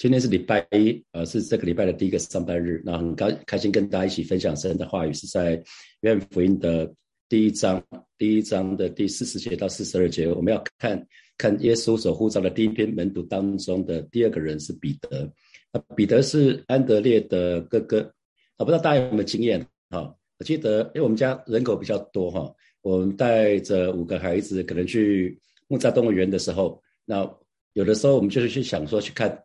今天是禮拜一，啊、呃，是這個禮拜的第一個上班日。那很高開心跟大家一起分享神的話語，是在約翰福音的第一章，第一章的第四十節到四十二節。我們要看看耶穌所呼召的第一批門徒當中的第二個人是彼得、啊。彼得是安德烈的哥哥。啊，我不知道大家有沒有經驗？哈、哦，我記得，因為我們家人口比較多，哈、哦，我們帶着五個孩子，可能去木栅動物園的時候，那有的時候我們就是去想說去看。